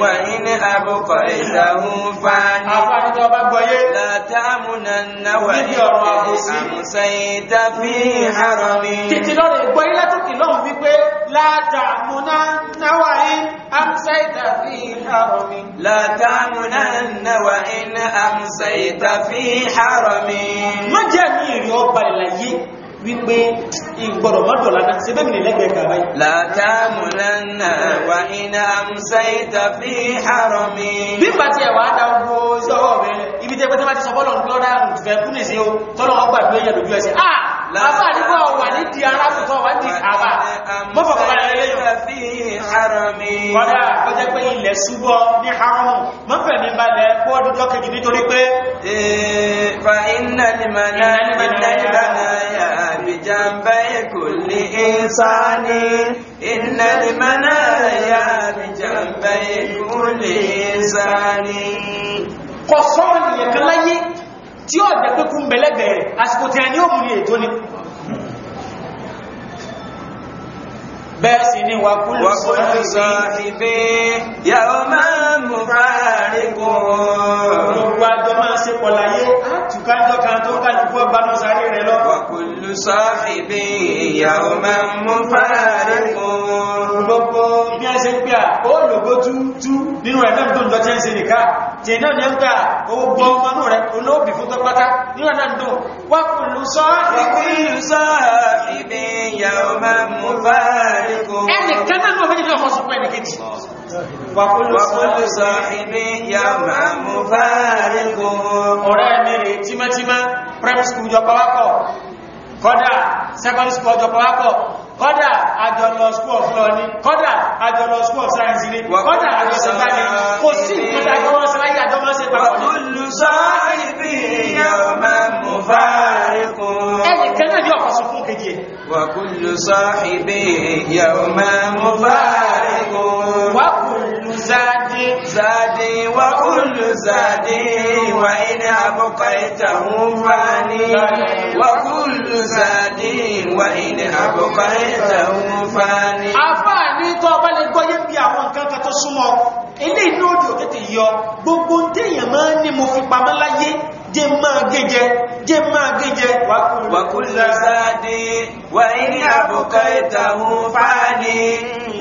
wà ní abọ́kọ̀ ìdáhùn fani. àfàrùtọ̀ bá gbọ́yé. látàmúnà náwà ní ọ̀rọ̀ àbòsí. àmùsẹ̀yìn tàbí àrọ̀ mi. títí lọ́rọ̀ ìgbọ́ ilé tókì lọ́hùn wípé látàmúnà náwà ní àmùsẹ̀yìn tàbí àrọ̀ mi. látàmúnà náwà ní àmùsẹ̀yìn tàbí àrọ̀ mi. má jẹ́ mi ìrìn ọba ìlàyé wípé ìgbọ̀rọ̀ mọ́tọ̀ ládá sí bẹ́ẹ̀ nílẹ̀ lẹ́gbẹ̀ẹ́ kàrá yìí. látàmù lánà wà iná àmúṣẹ́ ìtàfí àrọ̀ mi. bí bá ti ẹ̀wà á dáwọ́ sọ́wọ́ rẹ̀ ibi tẹ́ pé tí wọ́n ti sọ bọ́lọ̀ ń lọ́dá ìfẹ́ kú nìsí o tọ́lọ́ wọn gbàgbé yẹn lójú ẹsẹ̀. Ah! a àbá nígbà wà ní di ara tuntun wà ní àbá mọ́fọ̀kọ̀kọ̀lẹ̀ lẹ́yìn. Eh, fa iná ni màná ni màná ni màná بجنبي كل إنسان إن المنايا بجنبي كل إنسان kọsọ́rọ̀ nìyẹn kan láyé tí ó jẹ́ pé kún bẹ̀lẹ́gbẹ̀ rẹ̀ àsìkò tí a ní òmù ní ètò ni bẹ́ẹ̀ sì ni wà kúlù sọ ìbé yàwó máa mú fàárí kún gbogbo àjọ máa ṣe pọ̀ láyé àtùkájọ́ kan tó kálùkú ọgbà náà sáré rẹ̀ lọ́pọ̀ صاحب يوما مفارق gbogbo bí a ṣe pé à ó lògó túútú nínú ẹ̀fẹ́ tó ń jọ jẹ́ ṣe nìká tí náà ni ó ń gbà gbogbo ọmọ náà rẹ̀ olóòbí fún tọ́pátá nínú ẹ̀fẹ́ tó wákùnlù sọ ìpín sọ ìbí yàwó máa وكل صاحب يوما مفارق ọ̀rẹ́ mi rè tímátímá prep school jọ pàwápọ̀ kọ́dà secondary school ọjọ́ pàwápọ̀ kọ́dà àjọlọ school of law ni kọ́dà àjọlọ school of science ni kọ́dà àjọ ṣẹ̀gbá ni kò sí ìpínlẹ̀ àjọwọ́ ṣe láyé àjọmọ́ ṣe papọ̀ ní. olùsọ ibi ìyàwó mú fáríkù. ẹnìkan náà yóò kọ́ sọ fún kejì ẹ̀. wàkùlùsọ ibi ìyàwó mú fáríkù. wàkù زادي وكل زادي وإن أبقيته فاني وكل زادي وإن أبقيته فاني àfáàní tó ọba lè gbọ́yé bí àwọn nǹkan kan tó súnmọ́ ilé ìlú òdì òtètè yọ gbogbo téèyàn máa ń mo fi pamọ́ jẹ́ máa gẹ́jẹ́ jẹ́ máa gẹ́jẹ́ wàkúlọ́sá dé wà ní àbùkọ́ ìtàhùn fáàní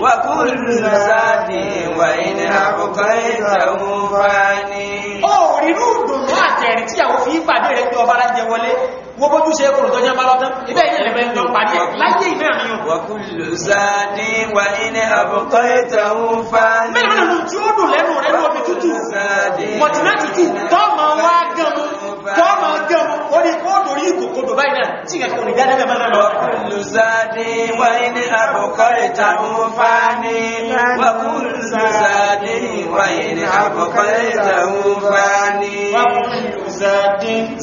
wàkúlọ́sá dé wà ní àbùkọ́ ìtàhùn fáàní. ó rírú dùnú àtẹ̀rí tíyàwó fi pàdé rẹ̀ tó ọba lájẹ wọlé wọ́n bójú ṣe kòrò tó jẹ́ bá lọ́tán ibẹ̀ yìí lẹ́fẹ́ ń jọ pàdé láyé ìmẹ́ àníyàn. wàkúlù sáàdì wà ní àbùkọ́ ìtàhùn fáàní. mẹ́rin mẹ́rin tí ó dùn lẹ́nu rẹ̀ lómi tútù mọ̀tínà tútù tọ́mọ wá gan-an kọ́ máa gẹ́ ọmọ orí kóòdù orí ìkòkòdò báyìí náà tí ìkẹ́kọ̀ọ́ ní dáadáa mẹ́mọ́ náà lọ. lùsàdé wáyé ní àbọ̀kọ́rẹ̀ tàbí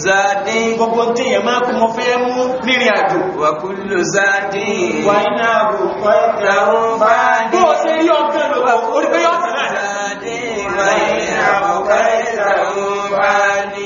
fáni gbogbo tí èèyàn máa kú mọ fẹ́ mú rírìn àjò. wákùlùsàdé wáyé ní àbọ̀kọ́rẹ̀ tàbí fáni. bó o ṣe rí ọgbẹ́ lọ orí pé yọ wáyé ní àbọ̀kọ́rẹ̀ tàbí fáni.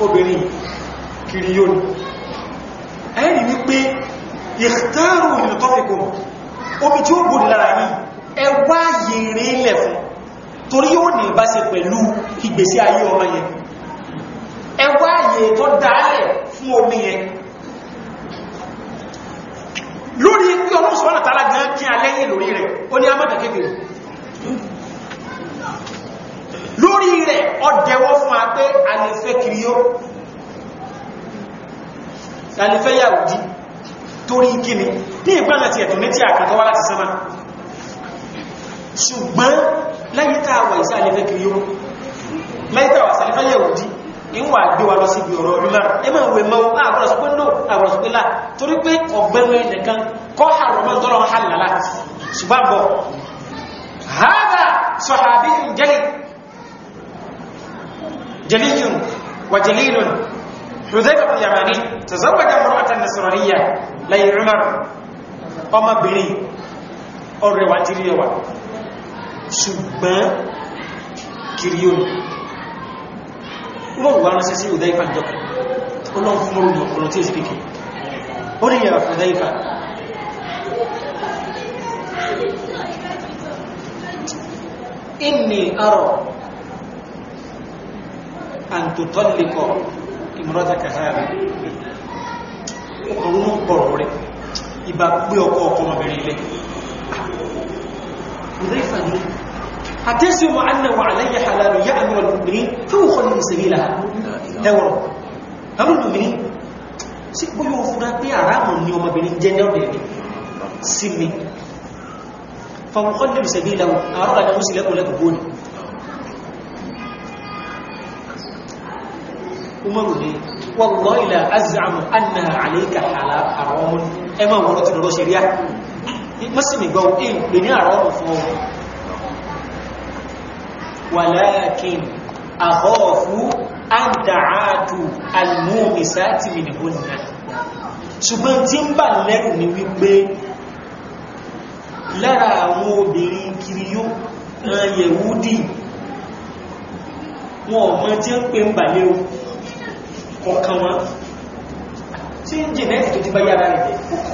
obìnrin kiri yóò ní ẹ̀rì wípé ìtàrù ìlútọ́fikò omi tí ó bòrì lára yìí ẹwà yìnrìn ilẹ̀ fún torí yóò ní bá ṣe pẹ̀lú ìgbésí ayé ọmọ yẹn ẹwà yìí tó dáálẹ̀ fún omi yẹn lórí pé ọlọ́sọ̀rọ̀ tààlà gan kí alẹ́yìn lórí rẹ̀ ó ní amọ́dàkéfèrè lórí rẹ̀ ọdẹ̀wọ́ fún apé alẹ́fẹ́ kìríó alẹ́fẹ́ yàwòdí torí kíni ní ìgbàna ti ẹ̀tùn méjì àkàtọ́ wá láti sánmà ṣùgbọ́n láyé tààwà ìsá alẹ́fẹ́ kìríó láyé tààwà ìsàlẹ́fẹ́ yàwòdí ìwà gbé wa lọ sí ibi ọ̀rọ̀ ọdún márùn ẹmọ ìwé mọ́ àbúrọ̀sọ́pẹ́ lò àbúrọ̀sọ́pẹ́ lá torí pé ọ̀gbẹ́nu ẹnìkan kọ́ àrọ̀mọ́ tọ́lọ̀ hàn lálá ṣùgbọ́n bọ̀ hádà sọ̀hàbí ìjẹ́lì جلي وجليل حذيفة اليماني تزوج امرأة نصرانية لي عمر ọmọ obìnrin ọ̀rẹ́ wà tí ríẹwà ṣùgbọ́n kiri omi wọ́n wà ránṣẹ́ sí ìdáyífà jọkọ̀ olóhun fún orí ọ̀pọ̀lọ̀ inni Aro. an tutalliqa imrataka hàrí ọkùnrin náà pọ̀rọ̀ rẹ̀ ìbá pé ọkọ̀ ọkọ̀mọ̀bìnrin ilẹ̀ أتسم أن وعلي حلال يأمر المؤمنين فهو خير سبيلها ẹwọ̀n àwọn obìnrin sí bóyá o fúnra pé àrámù ní ọmọbìnrin jẹ́jẹ́ ọ̀dẹ̀ mi sí mi fàwọn umaru ni wallahi la az'amu annaha alayka haram ẹ máa wọ́n ti lọ́rọ̀ ṣeríà mọ́sìmì gbọ́ in lè ní àrọ́mù fún ọ walakin akhafu an da'atu al-mumisati minhunna ṣùgbọ́n tí ń bà lẹ́rù ni wípé lára àwọn obìnrin kiri yóò yẹ̀wúdì wọn ọmọ tí ń pè ń bà lẹ́rù kọ̀ọ̀kan wọn tí ń jẹ́ nẹ́ẹ̀tì tó ti bá yára rẹ̀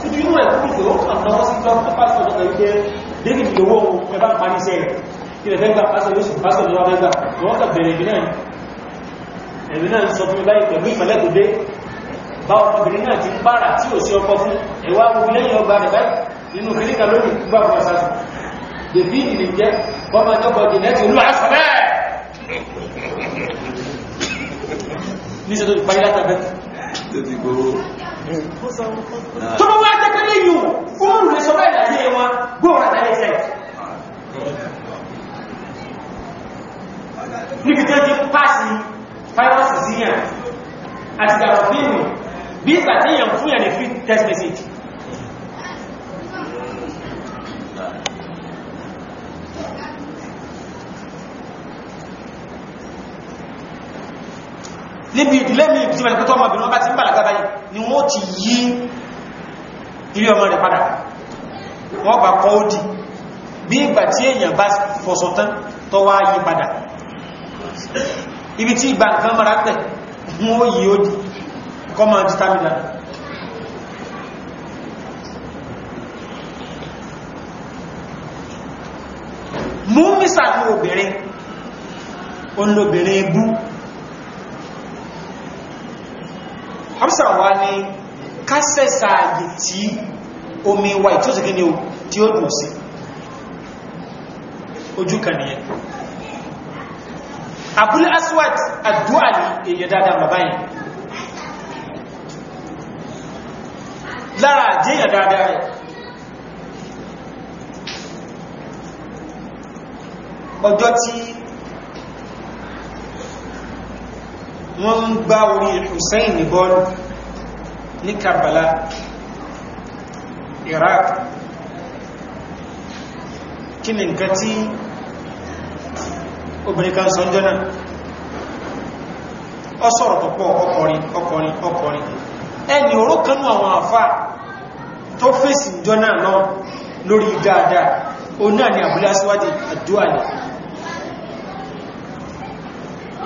ojú inú ẹ̀ kúrò pé ó kàn náwọ́ sí gbọ́n pásọ̀ lọ́pẹ́ wípé david lówó ẹbá parí iṣẹ́ rẹ̀ ilẹ̀ fẹ́ gba pásọ̀ yóò sì pásọ̀ lọ́wọ́ fẹ́ gbà wọ́n kà bẹ̀rẹ̀ ìbí náà ẹ̀mí náà ń sọ fún mi báyìí pẹ̀lú ìmọ̀lẹ́ tó dé bá ọkùnrin náà ti ń bára tí ò sí ọkọ fún ẹ̀wà ogun lẹ́yìn ọgbà rẹ̀ báyìí nínú kíníkà lónìí gbà fún ọ̀sán david lè jẹ́ bọ́mọ ẹjọ́ kọ̀ọ̀dì nẹ́ẹ̀tì olú àṣọ bẹ́ẹ̀ níṣẹ́ tó ti parí látàbẹ́ tó bá wá jẹ́ pẹ́lẹ́ yìí fóònù lè sọ bẹ́ẹ̀ láyé wọn gbóòrò àtàlẹ́ ìṣẹ́ níbi tó ti pàṣì fáírọ́sì síyàn àti gàrọ̀fíìmù bí ìgbà tí fún yàn ní free text message níbi ìdílé mi ìbí síbẹ̀ nípútọ́ ọmọbìnrin ọba ti ń bàlágà báyìí ni wọ́n ti yí ilé ọmọ rẹ̀ padà wọ́n gbà kọ́ ó dì bí ìgbà tí èèyàn bá fọ̀sọ̀tán tó wá yí padà ibi tí ìgbà nǹkan mara tẹ̀ wọ́n ó yí ó dì kọ́ máa ti támìdà mú mísà ní obìnrin Hamsa wá ní kásẹ̀sà àyè tí omi wa tí ó sì gíní tí ó dùn sí ojú kàníyàn Abul Aswad àdúwà ní èyẹ dáadáa bàbá yìí lára àjíyàn dáadáa rẹ̀ ọjọ́ tí wọ́n ń gbá orí Hussein ní bọ́ọ̀lù ní Karbala Iraq kí ni nǹkan tí obìnrin kan sọ jọ náà ọ sọ̀rọ̀ tó pọ̀ ọkọrin ọkọrin ọkọrin ẹni oró àwọn àfá tó fèsì jọ náà lọ lórí dáadáa o náà ni àbúlé aṣíwájú àdúwà ní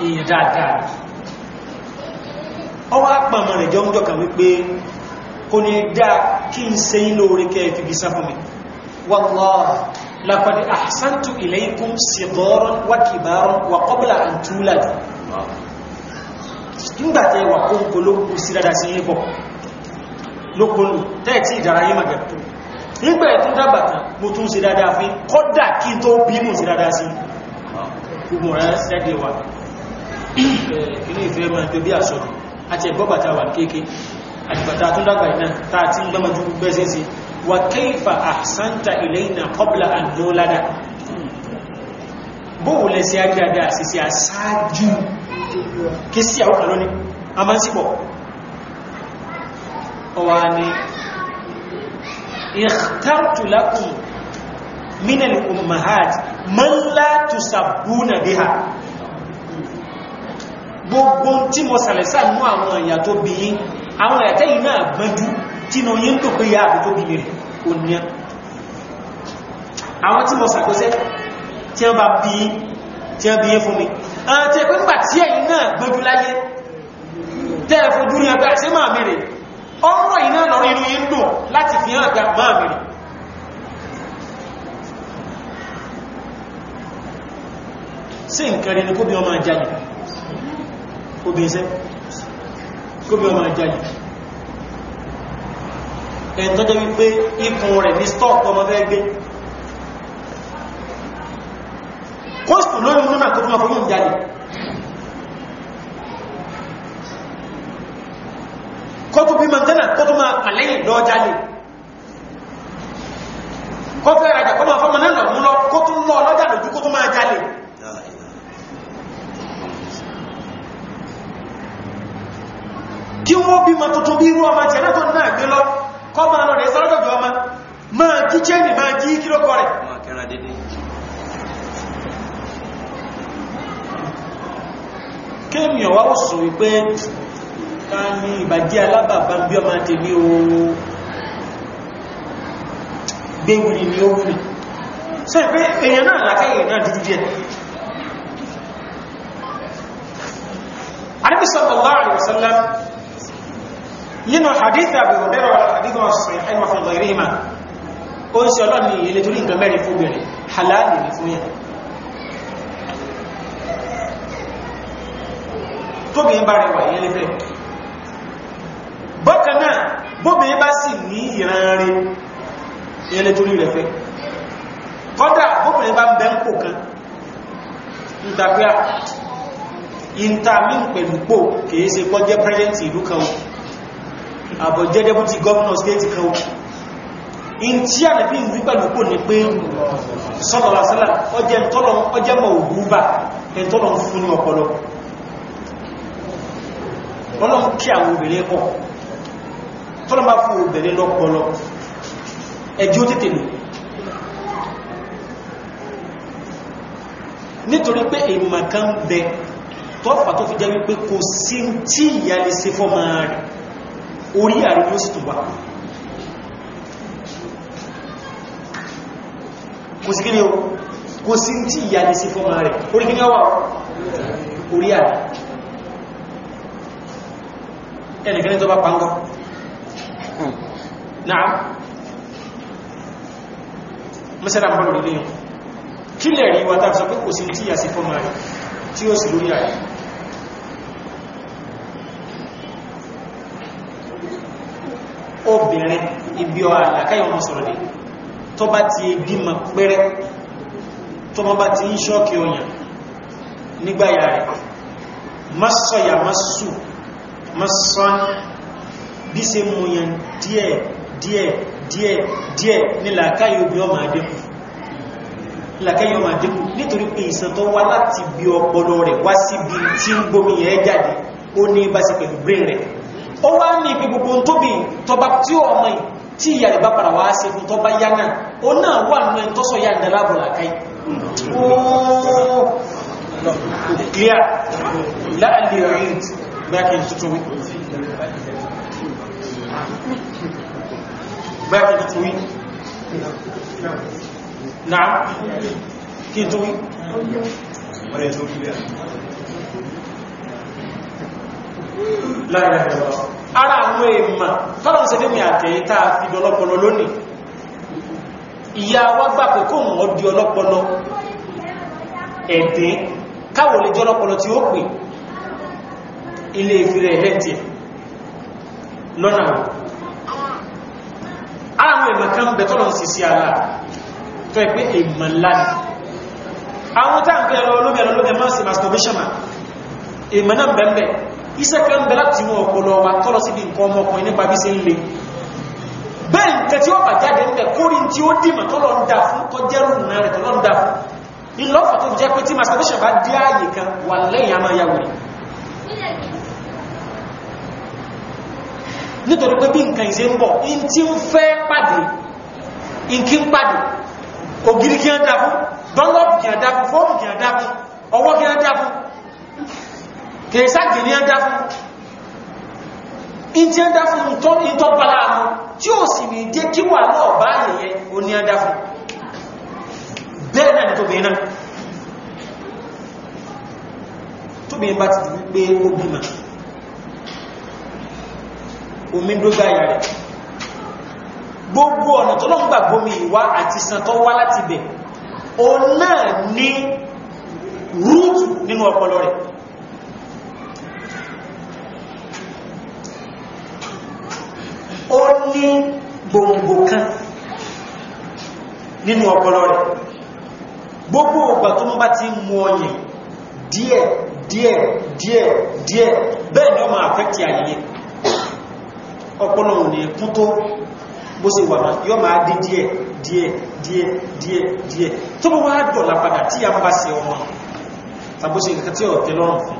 èèyàn dáadáa ọwọ́ àpàmọ̀ rẹ̀ jọmjọ́ kan wípé kò ní dá kí n se lóore kẹ́ fi bí sáfún mi wallahi laqad ahsantu ilaykum sigaran wa kibaran wa qabla an tulad nígbàtẹ́ wà kó ń polókù sí dada sí yíbọ̀ lókòlù tẹ́ẹ̀tì ìdára yí màgẹ̀ tó nígbà ẹ̀ tún dábàtà mo tún sí dada fi kọ́dà kí tó bínú sí dada sí gbogbo rẹ̀ sẹ́gbẹ̀ wà kí ní ìfẹ́ mọ́ àti ẹ̀bọ́bà ta wà kéèké àtìbàtà tó dágbà iná ta ti ń gbọ́mọ̀ ju bẹ́ẹ̀ sí wà kéèfà ahsanta ilayna qabla an nulada bóò lẹ sí agbáda àṣìṣe àṣáájú kí sí àwọn kan lónìí a máa ń sípọ̀ ọwà ni ikhtartu lakum min al-ummahat man la tusabbuna biha gbogbo tí mo sàlẹ̀sà mú àwọn ìyà tó bí yí àwọn ẹ̀tẹ́ yìí náà gbẹ́jú tí na yí ń tó pé yá àbúkó bí rẹ̀ òníyà àwọn tí mo sàkóṣẹ́ tí wọ́n bá bí yí tí wọ́n bí yí fún mi àti ẹ̀kọ́ nígbà tí ẹ̀yìn náà gbẹ́jú sí nǹkan rẹ̀ ni kó bí ọmọ ajáyìn obìnrin sẹ́ kóbi ọmọ ìjàlè ẹ̀n tó jẹ́ wípé ikùn rẹ̀ ní stọ́ọ̀pù ọmọ fẹ́ gbé kóòsù lórí múnà kó fún ọkùnrin ìjàlè kó tó bí mọ̀tẹ́nà kó tó máa pàlẹ́yìn lọ́ọ́ jálè kí chẹ́nì máa jí kílọ́kọ́ rẹ̀ kéèmì ọ̀wá ó sọ wípé ká ní ìbàjẹ́ alábàbá bí ọmọ tèmi ooo gbéwìrì ni ó wùrì sọ pé èèyàn náà làkáyè náà dúdú díẹ̀ Ànábì sallallahu alaihi wasallam nínú hadith Abu Hurairah hadith wọn sọ fún ìgbà ìrìhìmá ó ń ṣe ọlọ́ni ilé torí nǹkan mẹ́rin fún obìnrin halali ni fún yẹn tóbìnrin bá rẹwà yẹn lè fẹ́ bọ́kan náà bóbìnrin bá sì ní ìran rẹ̀ yẹn lè torí rẹ̀ fẹ́ kọ́dà bóbìnrin bá ń bẹ́ ń pò kan ìtàgbé ìntàmí ah, pẹ̀lú pò kìí ṣe kọ́ jẹ́ pẹ́rẹ́ntì ìlú kan àbọ̀jẹ́ dẹ́bùtì gọ́ọ̀nà stéètì kan in tí ànàbí ìwí pẹ̀lú kò ní pé sọ́lọ̀lásílà ọjẹ́ mọ̀ ògúbà ẹ̀tọ́lọ̀ fún ní ọpọlọ ọlọ́run kí àwọn obìnrin kọ́ tọ́lọ́ bá fún obìnrin lọ́pọlọ ẹjí ó tètè lò nítorí pé ìmọ̀kan bẹ tọ́fà tó fi jẹ́ wípé kò sí tí ìyá lè ṣe fọ́ máa rẹ̀ orí àríwó sì tún wà kò sí kíni o kò sí tí ìyá lè sí fọ́mà rẹ̀ orí kíni ọwà orí àdá ẹnìkan tó bá pàǹgọ́ náà mẹ́sẹ̀lá ń bọ́lù nílé kí lẹ̀ rí wa tàbí sọ pé kò sí tí ìyá sí fọ́mà rẹ̀ tí ó sì lórí àdá obìnrin ibi ọ̀ tó bá ti bímọ pẹ́rẹ́ tó mọ́ bá ti ń ṣọ́ọ̀kì ọyàn nígbàyà rẹ̀ mọ́sọ̀yà mọ́sù mọ́sán bí se mú yẹn díẹ̀ díẹ̀ díẹ̀ díẹ̀ ní làkáyé obi ọmọ àdínkù làkáyé ọmọ àdínkù nítorí pé ìsàn tó wá láti bí ọpọlọ rẹ̀ wá sí bí tí ń gbomi yẹn jáde ó ní bá sí pẹ̀lú brain rẹ̀ ó wá ní ibi gbogbo tóbi tọba tí ọmọ yìí tí ìyà rẹ̀ bá padà wá sí fún tó bá yá náà ó náà wà nínú ẹni tọ́sọ̀ yá ìdá láàbò clear láàlè rìn bákin tuntun wí bákin tuntun wí náà kí n tún wí láàrin ẹ̀rọ ara àwọn èèmà tọ́lọ̀ ṣe fẹ́mi àtẹ̀yí tá a fi ọlọ́pọlọ lónìí ìyá wa gbà pé kó wọ́n di ọlọ́pọlọ ẹ̀dẹ́ káwò lè jẹ́ ọlọ́pọlọ tí ó pè ilé ìfìrẹ̀ ẹ̀lẹ́tì lọ́nà àwọn ara tó ẹ pé èèmà ńlá ni àwọn táǹkì ẹ̀rọ olómi ẹ̀rọ olómi ẹ̀mọ́ sí masturbation náà bẹ̀ẹ̀ iṣẹ́ kan bẹ láti mú ọpọlọ wa tọ́lọ sí bí nǹkan ọmọkùnrin nípa bí ṣe ń le bẹ́ẹ̀ nǹkan tí ó bà jáde níbẹ̀ kórí tí ó dìmọ̀ tọ́lọ ń dà fún tọ́ jẹ́rù nà rẹ̀ tọ́lọ ń dà fún ìlọ́fà tó jẹ́ pé tí masturbation bá dí ààyè kí ń dà ọwọ́ kí ń dà kìí sáàkì ní ẹdá fún ìtí ẹdá fún ìtọ́pàá àrùn tí ó sì ní jẹ́ kí wà náà bá yẹ̀yẹ o ní ẹdá fún bẹ́ẹ̀ náà ni tóbi náà tóbi bá ti wípé ó bímọ omi dógá ìyá rẹ̀ gbogbo ọ̀nà tó lọ́n gbàgbómi ìwá àti ìsàn tó wá láti bẹ̀ o náà ní rúùtù nínú ọpọlọ rẹ̀ ó ní gbòǹgbò kan nínú ọpọlọ rẹ̀ gbogbo ọgbà tó mọ́ bá ti mú ọyìn díẹ̀ díẹ̀ díẹ̀ díẹ̀ bẹ́ẹ̀ ni ó máa affect àyíyẹ ọpọlọ ò ní kún tó bó ṣe wà náà yọ máa dé díẹ̀ díẹ̀ díẹ̀ díẹ̀ díẹ̀ tó bó wá dọ̀lá tí a bá ṣe ọmọ tàbó ṣe nǹkan ọ̀tẹ́ lọ́rùn fún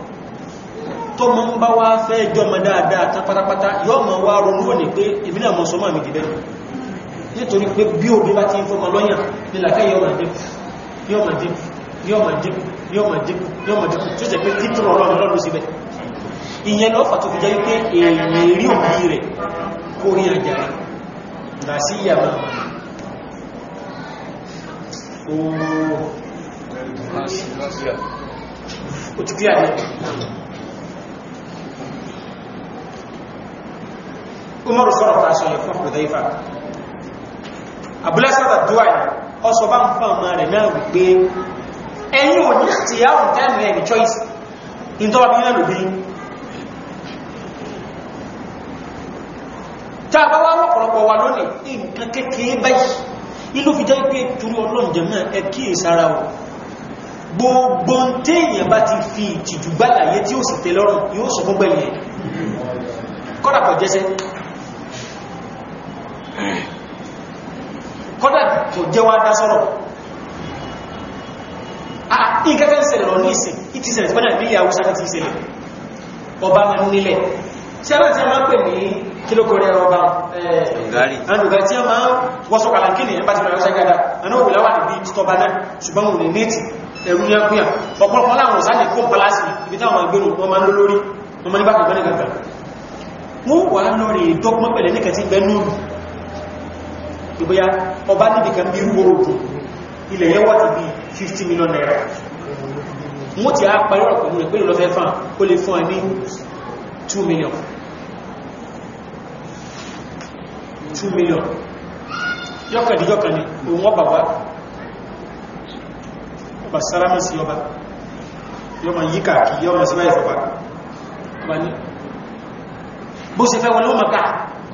tó mọ́ ń bá wá fẹ́ jọmọ dáadáa tán pátápátá yọ́ mọ̀ wá ronú ò ní pé ìbílẹ̀ mọ̀ sọmọ́ mi dìbẹ̀ nítorí pé bí òbí bá ti ń fọmọ lọ́yàn nílàkà yọ́ mọ̀ dínkù yọ́ mọ̀ dínkù yọ́ mọ̀ dínkù yọ́ mọ̀ dínkù yọ́ mọ̀ dínkù tó jẹ́ pé títún ọlọ́run lọ́rùn síbẹ̀ ìyẹn lọ́fà tó fi jẹ́ wípé èèyàn rí òbí rẹ̀ kó rí àjára dà sí ìyàmà ooo ó ti kí àjẹ́ umaru sọ̀rọ̀ ta sọ yẹ fún hudaifa abúlásọ́rọ̀ duwai ọsọ bá ń fún ọmọ rẹ̀ náà wípé ẹni ò ní ti yáwùn tẹ́lù ẹni choice in tọ́wà bí náà lòbí tá a bá wá lọ́pọ̀lọpọ̀ wa lónìí nǹkan kékeré báyìí inú fi jẹ́ pé torí ọlọ́njẹ̀ náà ẹ kíyèsára o gbogbo téèyàn bá ti fi ìtìjú gbálàyé tí ó sì tẹ́lọ́rùn yóò sọ fún gbẹ̀lẹ̀ kọ́dàkọ̀ jẹ́sẹ́ kọ́dà tó jẹ́ wá dá sọ́rọ̀ ìkẹ́kẹ́ ìṣẹ̀lẹ̀ lọ ní ìsìn ìtì ìṣẹ̀lẹ̀ tí wọ́n dà nílẹ̀ àwúsá ti ìṣẹ̀lẹ̀ ọba ma ń nílẹ̀ tí a bá ti a máa pè ní kílókò rẹ̀ ọba ẹ̀ẹ́dùgbà tí a máa wọ́sọ̀ kàlàkínì ẹ̀bá ti rẹ̀ ọ̀ṣẹ́ gada ẹ̀nà òwúlẹ̀ wà níbi títọ́ba náà ṣùgbọ́n òun ní ti ẹ̀rú ní ẹkùnyà ọ̀pọ̀lọpọ̀ láwọn òsáàlì kó pàlásì ibi táwọn agbérò wọn máa ń lórí wọn máa ń bá kò gbẹ́nìkàtà wọ́n wà lórí dọ́gbọ́n pẹ̀lẹ̀ níkàtí ìbóyá ọba níbi kan bí rúwòrò dùn ilẹ̀ yẹn wà ti bí 50 million naira mú ti á parí ọ̀pọ̀ mú rẹ̀ pé lọ́fẹ́ fún ó lè fún ẹ ní 2 million 2 million yọ́kàndíjọ́kà ni òun ọba wá ọba sáramọ́ sí ọba yọ́mọ yíkà kí yọ́mọ sí báyìí fọ́pá ọba ní bó ṣe fẹ́ wọn ló mọ̀ ká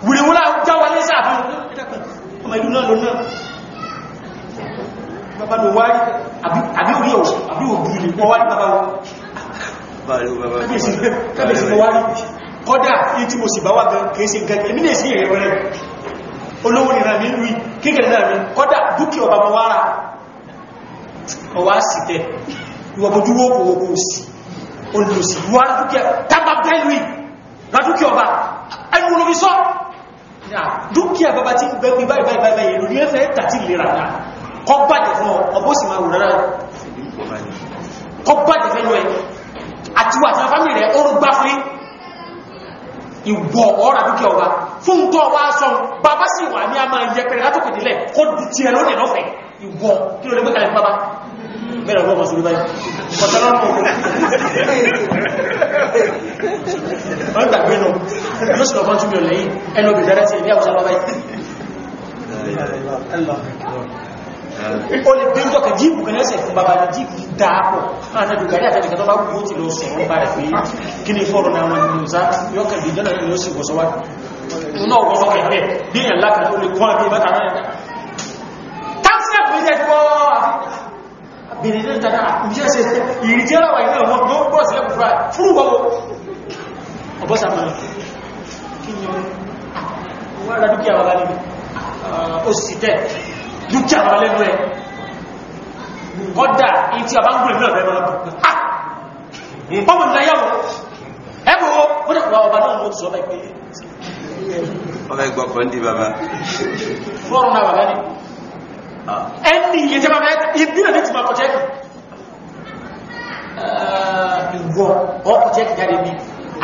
wùlẹ̀wọ́lá jáwọlé sáà fún ẹ̀dàkùn ọmọ ìlú náà ló náà bàbá ló wá àbí orí ọ̀wọ̀ àbí òbí ilé wọ́n wá ní bàbá wọn kábẹ̀sì mo wá rí kọ́dà yí tí mo sì bá wà gan kìí sí gan èmi lè sí ìrẹ̀ rẹ̀ olówó nìra mi lùí kékeré náà mi kọ́dà dúkì ọba mo wá ra ọwá sì tẹ́ ìwọ̀bójúwó òwòkó sí olùsì wá dúkì ọba tábà bẹ́ẹ̀ lùí ra dúkì ọba ẹnu olómi dúkìá bàbá tí gbẹ̀gbẹ̀ báyìí báyìí ìlú ní ẹfẹ́ tàti lera náà kọ bàjẹ̀ fún ọgbó sì máa wùrán kọ bàjẹ̀ fẹ́ lọ ẹ̀ àti wà tí a fámì rẹ̀ ó gbá fún ìwọ̀ ọ̀rà dúkìá ọba fún tọ́ wá sọ bàbá sì wà ní a máa yẹ pẹ̀rẹ̀ látòkèdílẹ̀ kó ti ẹ̀ pọ̀tọ́lọ́pù wọ́n gbàgbé nù ló sì lọ́pọ̀ jùlọ lẹ́yìn ẹnu bí bẹ̀rẹ̀ sí ilé àwọn ọlọ́bàá ó lè bí jọ́kẹ̀ jíìpù kan lẹ́sẹ̀ fún bàbá jíìpù dáàpọ̀ àti ẹgbẹ̀rẹ̀ àtẹ́jẹ̀kẹ́ tó bá wù ó ti lọ sẹ̀ wọ́n bá rẹ̀ pé kí ni fọ́rọ̀ náà wọn ni ó sá yọ́kẹ̀ bí jọ́nà ni ó sì wọ́sọ́wá bèèrè ní ìtàdá ìṣẹ́ṣẹ́ ìrìtí ọlọ́wà ilẹ̀ ọmọ tó ń bọ́ sílẹ̀ fúra fúrúwọ́wọ́ ọbọ́sà mọ́lá kí ni wọ́n rá dúkìá wà lálẹ́ ó sì tẹ́ dúkìá wà lẹ́nu ẹ̀ kọ́dà in tí a bá ń gúrẹ̀ ah! náà bẹ̀rẹ̀ ọmọ ọmọ ìgbọ̀kọ̀ ń di bàbá fọ́rún náà bàbá ẹni iye jẹ́ bàbá ibi náà ti máa kọ chẹ́kì ìwọ ọkọ̀ chẹ́kì jáde bí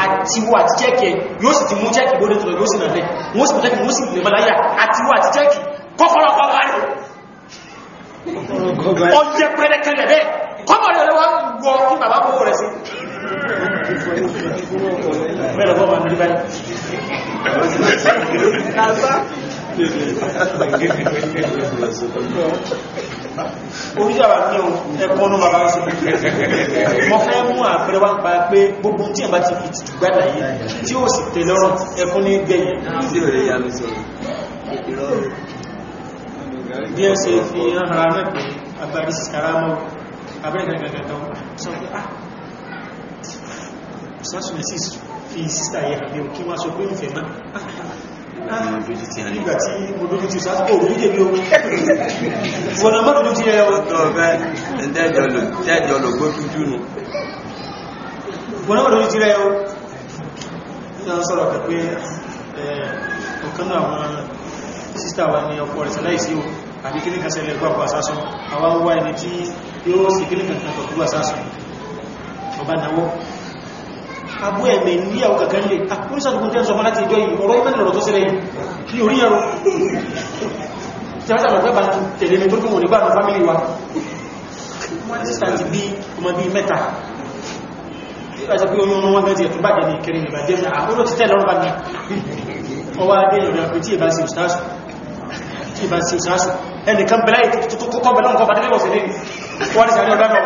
àtiwọ́ àti chẹ́kì ẹ yóò sì ti mú chẹ́kì bóde tọ̀lọ̀ yóò sì nàlẹ̀ wọ́n sì mú chẹ́kì wọ́n sì lè mọ́láyà àtiwọ́ àti chẹ́kì kọ́kọ́rọ́ kọ́kọ́ rẹ̀ ọjẹ́ pẹ́rẹ́kẹ́rẹ́ bẹ́ẹ̀ kọ́mọ̀ rẹ̀ wọ́n wọ kí bàbá kọ́kọ́ rẹ̀ sí mẹ́rẹ̀ bọ́ orí àwọn ní ẹ̀kọ́ ní bàbá sí mọ́ fẹ́ mú àpẹẹrẹ wá pa pé gbogbo tí ẹ̀bá ti fi tìtù gbádà yìí tí ó sì tẹ̀lé ọ̀rọ̀ ẹ̀kọ́ ní gbẹ̀yìn bí ẹ ṣe fi ara náà pé àbárí sára mọ́ abẹ́rẹ́ gàgàgàgà sọ pé ah sásùnmẹ́sì fi sísà yẹ àbẹ̀wò kí wọ́n sọ pé ìfẹ́ náà nígbà tí mo dójú ti sáà ó rí jẹ́bi ohun wọ́n mọ́ dójú ẹ ọ̀tọ̀ ọ̀fẹ́ ẹ̀dẹ́jọ lò gbó dúdú nù wọ́n mọ́ dójú ti rẹ ọ náà sọ̀rọ̀ pẹ̀pẹ́ ọ̀kan náà wọn sísta wa ní ọkọ̀ rẹ̀ sẹ́láìsí o àbí kí ní kan ṣẹlẹ̀ gbọ́ àpá sásùn àwọn wá ẹni tí yóò sì kí ní kan kan kọ̀ gbọ́ sásùn ọba náwọ́ abú ẹ̀mẹ̀ ní àwọn kankan lè àkún ìṣàdùkún tẹ́ ń sọ fún láti ìjọ yìí ọ̀rọ̀ ìmẹ́lẹ̀ lọ́tọ́ sílẹ̀ yìí orí ẹ̀rọ tí a sàmọ̀ pẹ́bà tẹ̀lé mi tó kí wọ́n ní gbáàmù fámílì wa wọ́n ti sàtì bí ọmọ bí mẹ́ta ìgbàjẹ́ pé oyún wọn gẹ́jẹ̀ tó bàjẹ́ ní ìkẹrẹ ìbàjẹ́ ní àkúrò ti tẹ́lọ ọba ní ọwá adé ìrìn àpò tí ìbá sí ìsáàsù ẹnìkan bẹ̀rẹ̀ ìtọ́kọ́ bẹ̀rẹ̀ ọkọ̀ bàdẹ́lẹ̀ ọ̀sẹ̀ lẹ́yìn wọ́n ti sàárẹ̀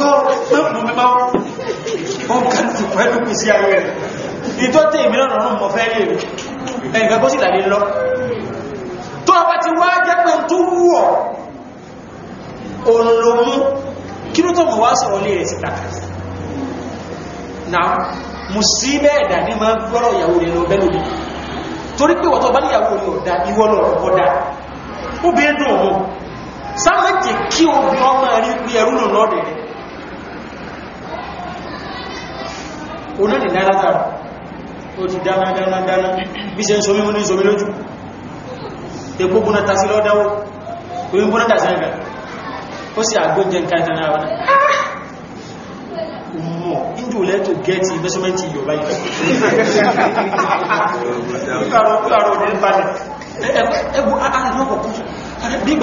ọ̀dọ́ ọkàn ti pẹ̀lú pí sí àwọn ẹ̀rọ ìtọ́ tẹ́ ìmìíràn ọ̀run mọ̀ fẹ́ lè rí ẹ̀yìnkan kó sì dàdé lọ tó ọba ti wá jẹ́ pé tó wúwọ̀ olómú kí ló tó mọ̀ wá sọ̀rọ̀ lè rẹ̀ síta náà mo sí bẹ́ẹ̀ dà ní máa gbọ́rọ̀ ìyàwó rẹ̀ lọ bẹ́ẹ̀ lómi torí pé wọ́tọ̀ bá níyàwó rẹ̀ ọ̀dà ìwọ lọ ọ̀dà obìnrin dùn ọ̀hún sáwọn kí obìnrin ọmọ rí ẹrú lọ lọ́dẹ̀ẹ́ olóòdì náírà tààrà ó ti dáná dáná dáná bí ṣe ń somi ó ní somi lójú epo gbóná tasí lọ́dáwó omi gbóná tasí ẹgbẹ̀ ó sì àgbójẹ nǹkan ìtàn náà wọ́n mọ̀ injú lẹ́tò gẹ́ẹ̀tì mẹ́sọ́mẹ́ntì yọ̀bá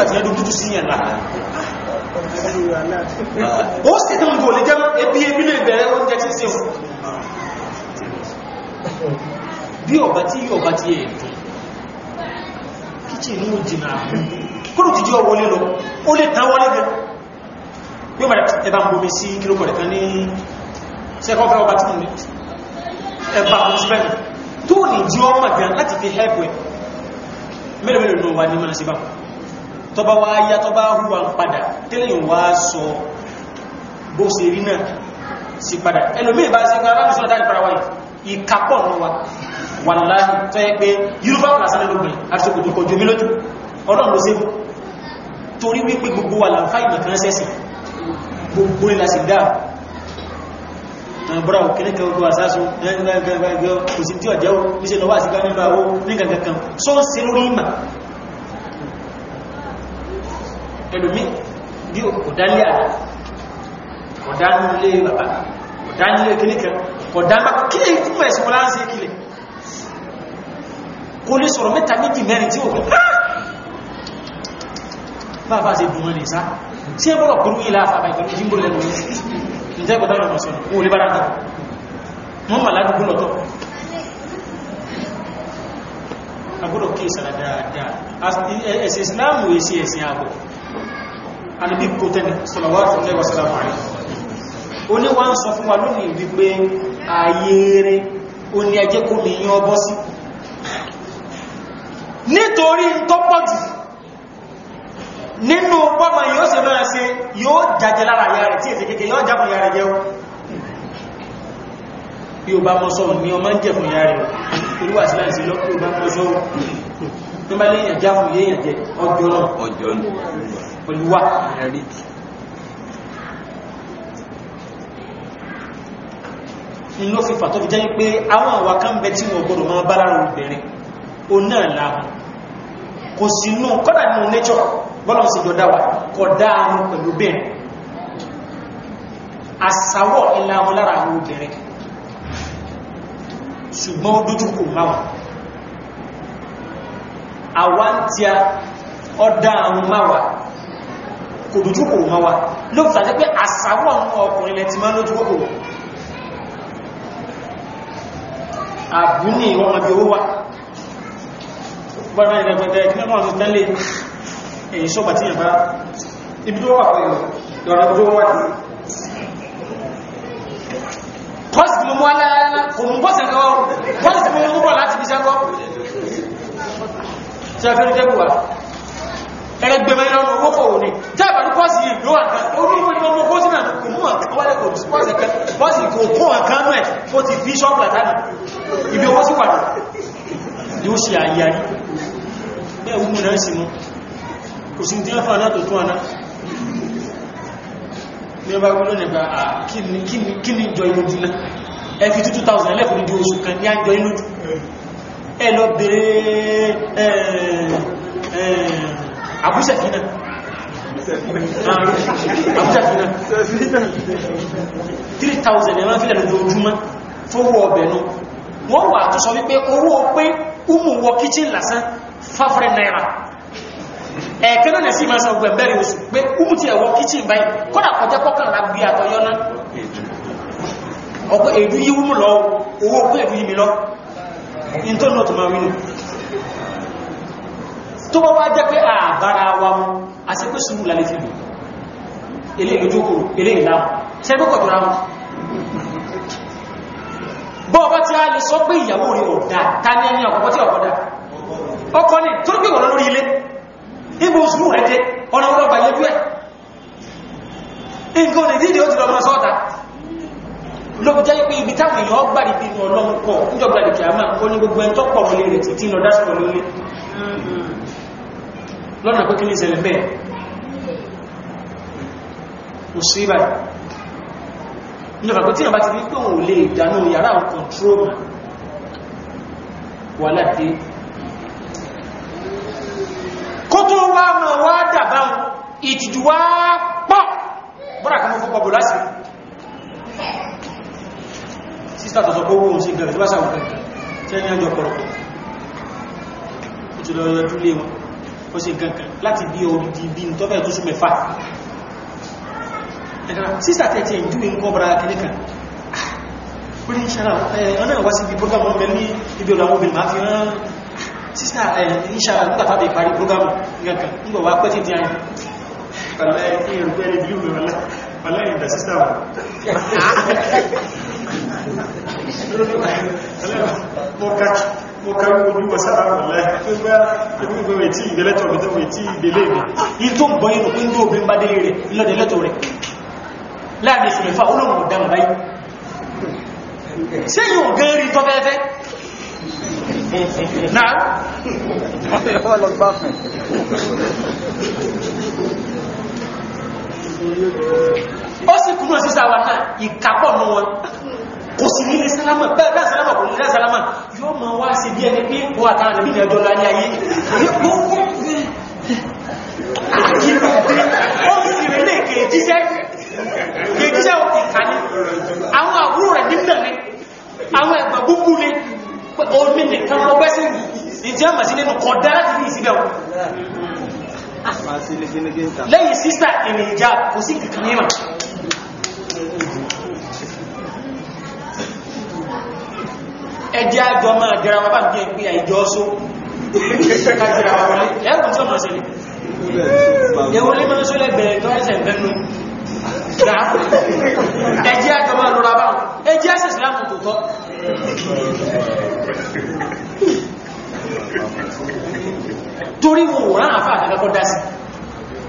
yìí Ah. ó sì tó ń gò lè jẹ́ ebi ebi lè bẹ̀rẹ̀ oúnjẹ tí sí bí ọba tí ọba tí ẹ̀ dùn kíchì ní òjìnà kúrò jíjí ọwọlé lọ ó lè tán wọlé gan yóò bá ẹba ń bomi sí kí ló kọ̀ rẹ̀kan ní sẹ́kọ́ fẹ́ ọba tí mo ní ẹba kò sí bẹ́ẹ̀ tó ní jí ọmọ gan láti fi hẹ́ẹ̀bù tọba wá yá tọba hùwà ń padà tẹ́lẹ̀ wá sọ bó ṣe rí náà sí padà ẹlòmí ìbá sí pé arábìsí náà dájú para wáyé ìkàpọ̀ náà wà wà láàrín tó yẹ pé yorùbá wà lásán lẹ́nu gbìn àti òkùnkùn kojú mi lójú ọ̀nà ló ṣe torí wípé gbogbo wà láǹfà ẹlòmí bí ọ̀dálẹ́ àrẹ ọ̀dánilé bàbá ọ̀dánilé kìníkan ọ̀dánilé kílẹ̀ fún ẹ̀sìn wọ́n láńsí kílẹ̀ kó lè sọ̀rọ̀ mẹ́ta méjì mẹ́rin tí ó pẹ̀ bàbá ṣe dùn wọn lè sá tí ẹ bọ́rọ̀ kúrú ilá àfàbà ìgbẹ̀rún jímbò lẹ́nu ìjẹ́ ìgbẹ̀dá ọ̀rọ̀ sọ̀rọ̀ kó lè bára náà wọ́n mà ládùúgbò lọ́tọ̀ agbọ́dọ̀ kí ìsàlá dáadáa ẹ̀sìn Islam wèé sí ẹ̀sìn àbọ̀ àníbí kò tẹ́ni sọ̀lọ̀wọ́tí lẹ́wọ̀ sọ́lọ̀wọ́ rẹ̀ ó ní wọ́n sọ fún wa lónìí wípé ayé rẹ̀ ó ní ẹjẹ́ kó mi yán ọbọ́ sí nítorí tọ́pọ̀jù nínú pọ́mọ yóò ṣe máa ṣe yóò jàjẹ lára ìyá rẹ̀ tí èsì kékeré yóò jábọ̀ ìyá rẹ̀ jẹ́ ó bí o bá mọ́ sọ́run ní ọmọ jẹ́ fún ìyá rẹ̀ olúwà sí láìsí lọ́pọ̀ bá mọ́ sọ́run tó bá léèyàn jáhùn léèyàn jẹ ọjọ́ náà pẹ̀lú wà ẹ̀rí inú fi fà tó fi jẹ́ pé àwọn àwọn kan bẹ tí wọ́n gbọ́dọ̀ máa bá lára obìnrin o náà láàrùn kò sí inú kọ́dà nínú nature bọ́lọ̀ sí jọdá wà kọ̀dá àrùn pẹ̀lú bẹ́ẹ̀ àsàwọ̀ ìlànà lára obìnrin ṣùgbọ́n dúdú kò máwọn àwọn tí a ọdá àwọn máwàá kò dojú kò mọ́ wa ló fìtà sí pé àsàwọ̀ ọmọ ọkùnrin lẹ ti máa lójú kò àbú ní ìwọ̀n ọjọ́ owó wa gbọ́nà ìrẹ̀gbẹ̀dẹ̀ ìpínlẹ̀ ọ̀sán tẹ́lẹ̀ èyí sọ́gbà tí yẹn bá ibi tó wà pẹ̀lú lọ́rọ̀ tó wà ní pọ́sì mú mú aláàlá kò mú pọ́sì kọ́ pọ́sì mú mú bọ̀ láti ẹgbẹ̀mẹ́ lọ́nà owó kòrò ní jábàrí kọ́sì yìí ló àkà orílẹ̀-èdè ọmọ kọ́sì náà kò mú àkọwálẹ̀ kò sí kọ́sì kò kún àkánú ẹ̀ ó ti fi ṣọ́pù látàrí ibi owó sí pàdà yóò ṣe àyàrí bẹ́ẹ̀ wú náà sí mú kò sí tí wọ́n fà náà tó tún àná ní ọba wúlò nígbà kí ni jọ inú dínà ẹ fi 2000 ẹlẹ́fún ní oṣù kan ní àjọ inú ẹ lọ bèèrè ẹ̀ẹ̀ àbúṣẹ̀fínà àbúṣẹ̀fínà 3000 ẹ̀rọ fílẹ̀ lójoojúmọ́ fówó ọbẹ̀ nù wọ́n wà tó sọ wípé owó pé umu wọ kíchín lásán 500 naira ẹ̀ẹ̀kẹ́nà nẹ̀ sí máa sọ gbẹ̀bẹ̀rẹ̀ oṣù pé umu ti ẹ̀wọ kíchín báyìí kọ́dà kọjá kọ́kànlá gbé àtọyọ́ náà ọ̀pọ̀ èdú yíwú mú lọ owó pé èdú yí mi lọ in tó náà tó máa wínú tó bá wá jẹ́ pé àbára wa mú a sí pé sùúrù lálẹ́ fi lò ilé ilé ìlà ṣe pọ̀ jọra wọn tí a lè sọ pé ìyàwó rẹ̀ ọ̀dá ta ní ẹni ọ̀pọ̀ tí ọ̀pọ̀ dá tó gbé wọ̀n lórí ilé rẹ̀ dé ọ̀nà nǹkan ó ibi táwọn èèyàn gbà ní bínú ọlọ́run níjọba ní gbogbo lọ́nà pé kí ní ìṣẹ̀lẹ̀ mẹ́ òṣìbà ìjọba pé tí ìyàmbá ti rí pé òun lè dánú yàrá kọ̀ntrọ́mà wà láti kó tó wá mọ̀ wá dàbá ìtìjú wá pọ̀ bọ́rà kan fún pọ̀bọ̀ lásì sísà tọ̀sọ̀ pé owó òun sí gẹ̀rẹ̀ tí wá sàwọn gẹ̀rẹ̀ tí ẹni ó ṣe gankan láti bí orí di bí tó fẹ́ tó sún mẹ́fà ẹ̀kàrà sísà tẹ́tẹ́ ìjúwé ń kọ́bara kìníkan pín ìṣàrà ọ̀nà wá sí ibi prógámù mẹ́ ní ibi ọ̀làwọ̀ obìnrin máa fi rán sísà ìṣàrà nígbàtà bẹ̀ parí prógámù gankan nígbà wá pẹ́ títí ayé Mo kàkì mo ká ojú bọ̀ sára wọ̀lẹ́ pípẹ́ ìgbẹ́ rẹ̀ tí ìdẹ́lẹ́tọ̀ rẹ̀ tó rẹ̀ tí ìdẹ́lẹ́ rẹ̀ yí tó gbọ́ inú pé ní obìnrin bá délé rẹ̀ lọ́dẹ̀lẹ́tọ̀ rẹ̀ láàrin ìsìn ìfà olóòrùn ọ̀daràn báyìí ṣé yóò gẹ́ rí tọ́fẹ́fẹ́ náà ó sì kúrò sísà wa náà ìkápọ̀ mọ́ wọn kò sí nílé sálámà bẹ́ẹ̀ sálámà kò nílé sálámà yóò mọ̀ wá sí bí ẹni pé wọ́n àtàrà níbi ní ọjọ́ láyé ayé àwọn àbúrò rẹ̀ nígbà ní àwọn ẹ̀gbà gbogbo ní omi nìkan ọgbẹ́ sí ìjẹ́ màsí nínú kọ̀dá láti ní ìsìgbẹ̀ wọn lẹ́yìn sísà ìrìn ìjà kò sí kìkì ní ìmọ̀ ẹjẹ́ àjọ máa gẹra wọn bá ń jẹ́ pé àìjọ só ẹjẹ́ àjọ máa lọ́ra bá ẹjẹ́ àṣẹ ìsìlámù tó tọ́ torí wọn wòrán àfà àkàkọ́ dá sí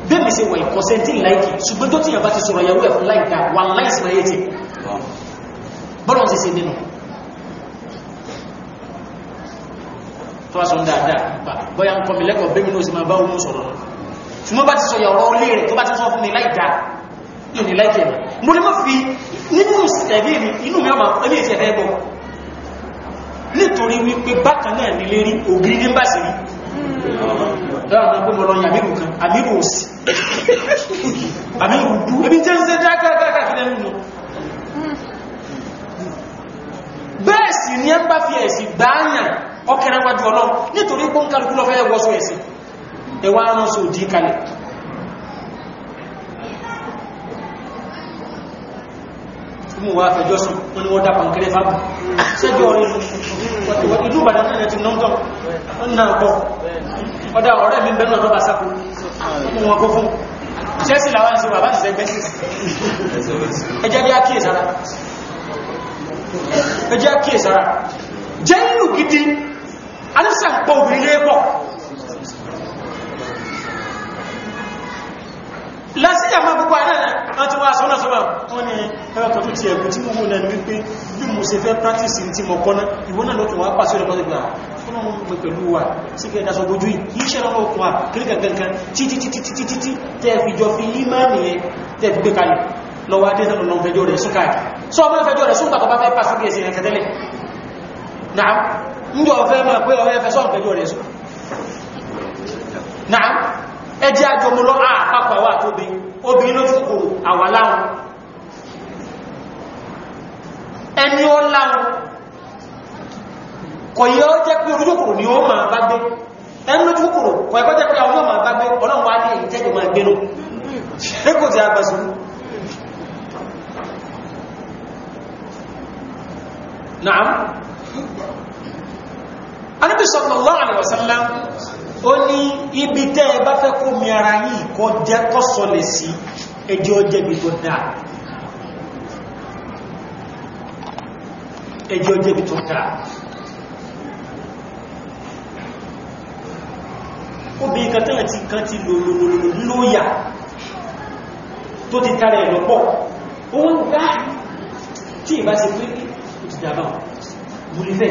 bẹ́ẹ̀mì sí wọ̀ ìkọ̀sẹ̀ tí láìkì ṣùgbọ́n tó tíyàn bá ti sọ̀rọ̀ ìyàwó ẹ̀kùn láìka wà láìsìnà yẹ́ tí bọ́lọ̀ sí sí nínú tó wá sọ dáadáa bọ́yá ń kọmi lẹ́kọ̀ọ́ bí mínú sí máa bá ohun sọ̀rọ̀ ṣùgbọ́n bá ti sọ yàwó olè rẹ̀ tó bá ti sọ fún mi láìdá ìní láìkẹ̀ mo ní mọ́ fi nínú ẹ̀bí mi inú mi ọmọ ẹbí ìṣẹ̀ fẹ́ bọ̀ nítorí wípé bákan náà ní lérí ògiri ní bàṣẹ rí dáwọn ọmọ gbọmọ lọ yàmírù kan àmírù òsì àmírù dú ebi jẹ́ ń sẹ́ dákàkàkà ni ẹ bá fi ẹ̀sì gbáyàn ọkẹrẹ wájú ọlọ́run nítorí pé ń kálukú lọ fẹ́ wọ́sọ ẹ̀sìn ẹwà rán sí òdí kalẹ̀ mú wá fẹjọ́ sí wọn ni wọ́n dá pàǹkẹ́rẹ́ fábù sẹ́jọ́ rí ìlú ìbàdàn náà ti nọ́ńtọ̀ náà kọ́ ọdá ọ̀rẹ́ mi bẹ́ẹ̀ náà tọ́ba sáko mú wọn kó fún sẹ́sì làwọn ń ṣe bàbá ṣiṣẹ́ gbẹ́sì ẹjẹ́ bí á kíyèsára ẹjẹ́ á kíyèsára jẹ́ ìlú gidi alẹ́sà gbọ́ obìnrin lé pọ̀ lásìyà máa gbogbo àdára àti wá sọ́nà sọ́nà wọ́n ni ẹwà tó ti ẹ̀kù tí wọ́n náà wípé bí mo ṣe fẹ́ practice tí mo kọ́ná ìwọ́n náà lókè wá pàṣẹ ọ̀rọ̀ pàṣẹ fún ọmọ mi pẹ̀lú wa sí kẹ́ ìdásọ ojú ìṣẹ́ ọmọ okùn wa kíríkẹ̀kẹ́kẹ́ títítítítítí tẹ́ fi jọ fi ìmáàmì yẹn tẹ́ fi gbé kalẹ̀ lọ́wọ́ adẹ́sẹ̀ lọ́nà fẹjọ́ rẹ̀ sún káàkiri sọ ọmọ fẹjọ́ rẹ̀ sún pàtàkì bá fẹ́ pàṣẹ bí ẹ̀sìn ẹ̀kẹ́tẹ́lẹ̀ náà ndị ọ̀fẹ́ máa pé ọ̀rẹ́ fẹ́ sọ́n pẹ̀lú na eji náà ẹjẹ́ àjọmọ́ lọ àpapọ̀ wà tóbi ló fòkò àwà láhùn ẹni ó láhùn kọ̀ yẹ ó jẹ́ pé ni ó máa bá gbé ẹni ló kọ̀ ẹ̀kọ́ jẹ́ pé àwọn máa bá gbé ọlọ́run wá anábì sallallahu alaihi wasallam ó ní ibi tẹ́ ẹ bá fẹ́ kó mi ara yìí kọ́ jẹ́ kọ́ sọlẹ̀ sí ẹjẹ́ ọjẹ́ ibi tó dáa ẹjẹ́ ọjẹ́ ibi tó dáa obìnrin kan tẹ́yàn ti kan ti lòlòlòlò lóyà tó ti tààrẹ ìrọ̀pọ̀ òun gbá tí ìbá ti pé ìtìdàbà múlífẹ́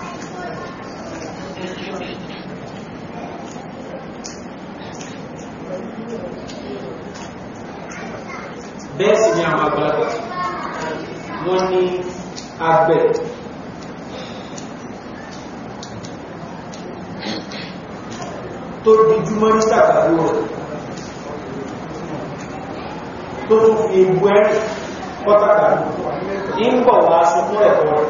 bẹ́ẹ̀ sì ni àwọn àgbàlagbà wọ́n ní àgbẹ̀ tó díjú mọ́rí sàkàrí rẹ̀ tó tún fi ewu ẹ́ pọ́tàkà ń bọ̀ wá sí fún ẹ̀kọ́ rẹ̀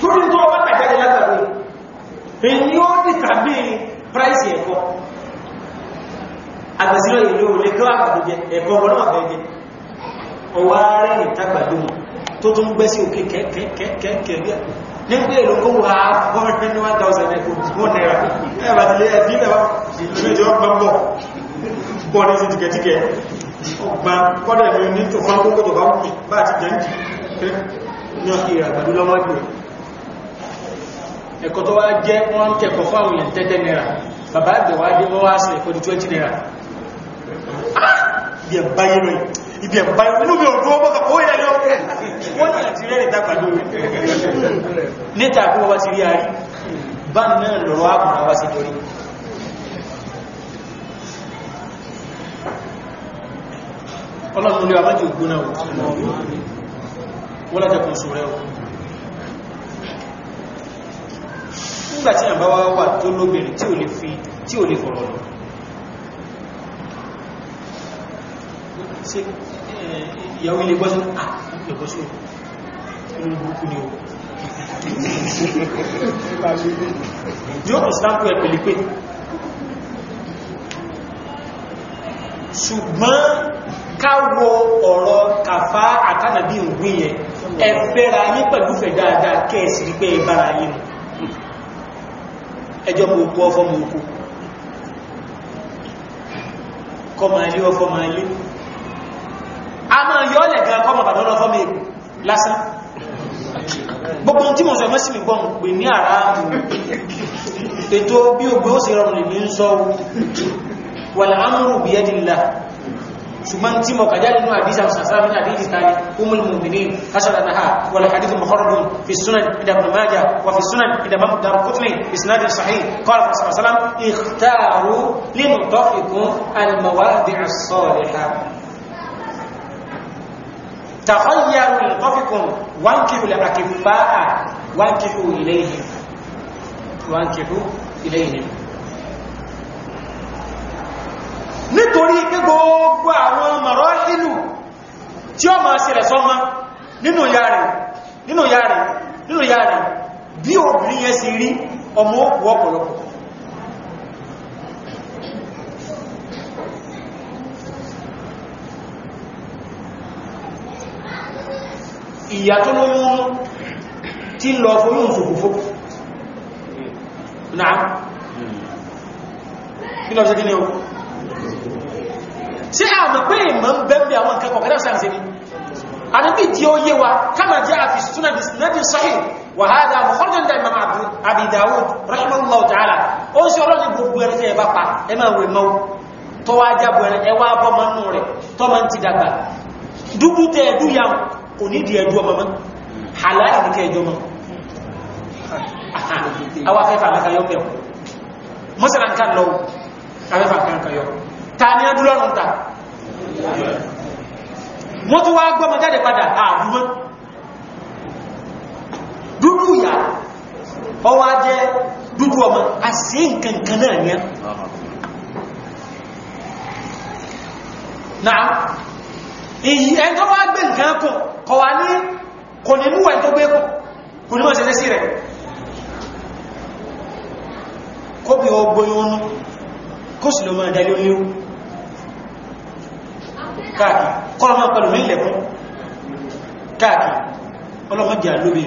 tó ní tó ọwọ́ tàjáde látàrí èyí ó dìtàbí price ẹ̀kọ́ àgbàsílẹ̀ ìlú olè kí wà kàdó jẹ ẹ̀kọ́ ọmọ náà fẹ́ jẹ ọwọ́ rẹ̀ ní tàgbàdo mọ̀ tó tún gbẹ́ sí òkè kẹ́kẹ́kẹ́kẹ́ bí nígbà èlò kó wà one twenty one thousand ẹ̀kọ́ one naira ẹ̀ bá ti lé ibi ẹ̀bá yìí rẹ̀ ibi ẹ̀bá yìí inú mi ò dúró mọ́kà ó yẹ lọ wọ́n ní àti rẹ̀ ìdápàdó níta àkókò wá sí rí àrí bá náà lọ́rọ̀ ààbùn wá sí torí ọlọ́run lè àmájì ògbóná wọ́n lájẹ̀kùn sọ rẹ̀ nígbàtí àbáwá wà tó lóbìnrin tí ò lè fi tí ò lè fọ̀rọ̀ lọ ṣe eh, ìyàwó ilé bọ́sí àpapọ̀ ah, bọ́sí ohun burúkú ni o yóò sáàpù ẹ̀ pẹ̀lú pé ṣùgbọ́n káwọ ọ̀rọ̀ kàfá àtànàbí ìwé yẹn ẹ̀fẹ́ra ní pẹ̀lúfẹ̀ dáadáa kẹ́ẹ̀sì rí pé ìbára yìí nù ẹjọ́ mọ̀ òkú ọfọ́ mọ̀ òkú kọ máa lé ọfọ́ máa lé a máa yọ́ lẹ̀ gan kọ́ mọ̀bàdàn lọ fọ́mọ̀ èkó lásán gbogbo tí mo sọ mọ́ sí mi gbọ́n pè ní àrá ètò bí ogbé ó sì rọrùn lè ń sọ wàlá amúrù bí ẹdì ńlá ṣùgbọ́n tí mo kàjá nínú àdísà sàsára nínú àdíjì tani umul mu'minin aṣọ́lá na ha wàlá hadithu تخيروا لطفكم وانكحوا الأكفاء وانكحوا إليهم وانكحوا إليهم nítorí pé gbogbo àwọn mọ̀rọ̀ ìlú tí ó máa ṣẹlẹ̀ sọ́mọ́ nínú ìyá rẹ̀ nínú ìyá rẹ̀ bí obìnrin yẹn sì rí ọmọ òkú ọ̀pọ̀lọpọ̀ ìyà tó ló mú tí lọ fóyún fòkòfòkò náà kí lọ sí kí ní o tí a mọ̀ pé ìmọ̀ ń bẹ́m̀bẹ̀ àwọn nǹkan kọ̀kẹ́lẹ̀ sáàrẹ̀ sí ni a ní bí tí ó yé wa kama jẹ́ àfi súnà bí sinadi sahih wà á dá mọ̀ fọ́nà dá Imam Abi kò ní di ẹjọ́ ọmọ halal ní kẹjọ́ ọmọ awa fẹ́fà alákayọ́ mẹ́wọ̀ mọ́sílá nǹkan lọ afẹ́fà kankayọ́ ta ní adúlọ́rùn ta wọ́n tó wá gbọ́mọ jáde padà àdúgbọ́ dúdú ìyá ọwá jẹ́ dúdú ọmọ a sí nǹkankan náà ní náà èyí ẹni tó bá gbé nǹkan kùn kọ̀ wá ní kò ní múwẹ̀ tó gbé kùn kò ní mọ̀sẹ̀ sí rẹ̀ kó bí ọgbọ́n yóò kó sì lọ máa dalé oníwú káàkì kọ́lọ máa pẹ̀lú nílẹ̀kún káàkì ọlọ́mọdé àlóbi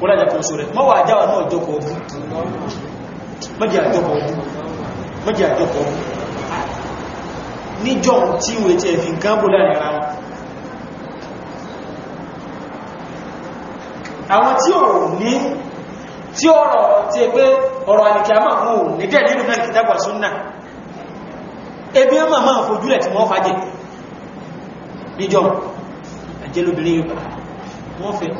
wọ́lájà kan sọ rẹ̀ mọ́ níjọ tí ìwé tí ẹ̀fì nǹkan bó láàrin ara wọn àwọn tí ò ní tí ọ̀rọ̀ tí ẹ pé ọ̀rọ̀ àlìkẹ́ àmà wọn ò ní dẹ̀ nínú náà kìtàgbà súnnà ebi ọmọ máa fojú ẹ̀ tí wọ́n fàájẹ̀ níjọ àjẹ́lóbìnrin wọ́n fẹ́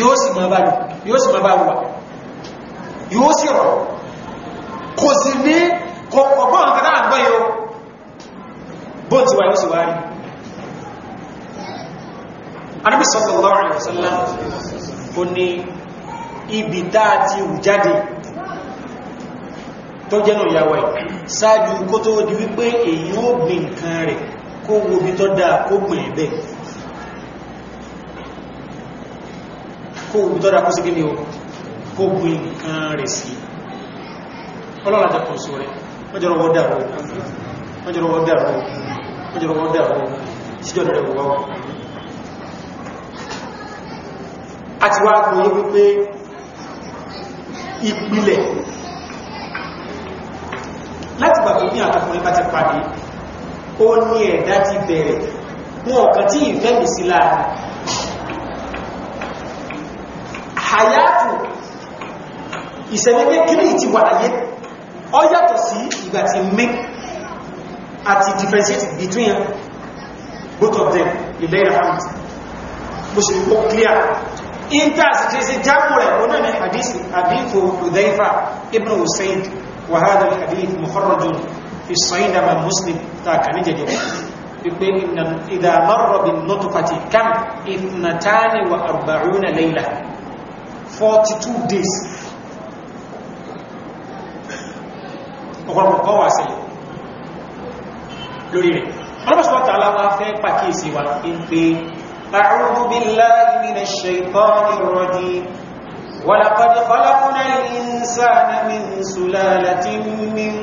yóò sì máa bá yóò sì máa bá wà yóò sì rọ̀ kò sì ní ọgbọ́n nǹkan náà gbọ́ yóò bó ti wà ní ṣùwárí anábì sallallahu alaihi wasallam ó ní ibi táà ti hù jáde tó jẹ́nà ìyàwó ẹ̀ sáájú kó tó di wípé èyí ó gbìn nǹkan rẹ̀ kó wo bí tó dáa kó gbìn ẹ̀bẹ̀ kó wo bí tó dáa kó sí kí ni ó kó gbìn nǹkan rẹ̀ sí rẹ̀ mọ́jọ́rọ̀ wọ́n dàrú mọ́jọ́rọ̀ wọ́n dàrú mọ́jọ́rọ̀ wọ́n dàrú síjọ́ rẹ̀ wọ́n a ti wá kò yí wípé ìpìlẹ̀ láti gbàgbé ní àtọkùnrin bá ti pàdé ó ní ẹ̀dá ti bẹ̀rẹ̀ wọn ọ̀kan tí ìfẹ́ mi sí láàrin hayatu ìṣẹ̀lẹ̀ kékeré ti wà ayé ọ yàtọ̀ sí ìgbà tí make àti differentiate between both of them ilẹ̀ ìràhàmù bó ṣe kó clear intas ti ṣe jámù rẹ̀ ó náà ní hadith àdífò Hudhaifa ibn Usaid wa hadha al-hadith mukharrajun fi sahih ma Muslim ta kàní jẹjọ wípé idha marra bin nutfati kam ithnatani wa arba'una layla 42 days ọ̀rọ̀ kọ́ wà sílẹ̀ lórí rẹ̀ ọlọ́pàá tààlà wá fẹ́ pàkíyèsí wa pé fe اعوذ بالله من الشيطان الرجيم ولقد خلقنا الإنسان من سلالة من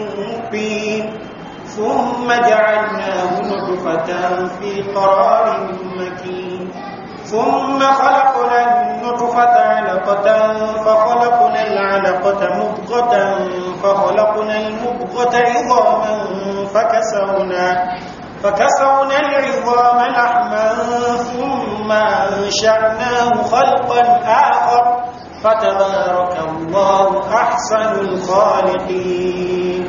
ثم جعلناه نطفة في قرار مكين ثم خلقنا النطفة علقة فخلقنا العلقة مضغة فخلقنا المضغة عظاما فكسونا فكسونا العظام لحما ثم أنشأناه خلقا آخر فتبارك الله أحسن الخالقين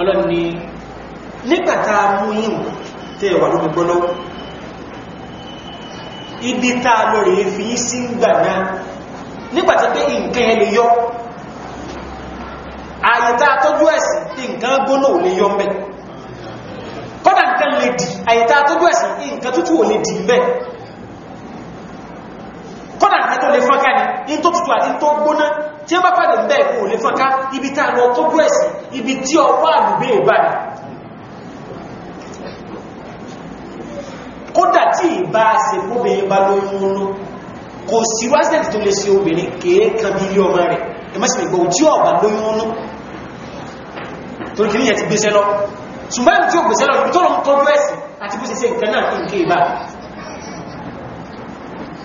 ọlọ́ni nígbàtà mú yíò tẹ́wà lórí ibi tá a lọ rèé fi yí sí gbà náà nígbàtí pé nǹkan ẹ lè yọ ààyè tá a tọ́jú ẹ̀sìn nǹkan gbóná ò lè yọ mẹ́ kọ́dà nǹkan lè dì ààyè tá a tọ́jú ẹ̀sìn nǹkan tútù ò lè dì mẹ́ kọ́dà nǹkan tó lè fọ́nká ni ní tó tútù àti tó gbóná tí ó bá pàdé ń tí ìbá ṣe obìnrin bá lóyún olú kò sí wáṣẹ́tì tó lè ṣe obìnrin kéèkan bí ilé ọmọ rẹ̀ ẹmọ́sìnlẹ̀ gbọ́ tí ọ̀bà lóyún olú tó kì níyẹn ti gbéṣẹ́ lọ ṣùgbọ́n tí ó gbéṣẹ́ lọ tó lọ́n tọ́jú ẹ̀sìn àti bó ṣe ṣe nǹkan náà nǹkan ìbá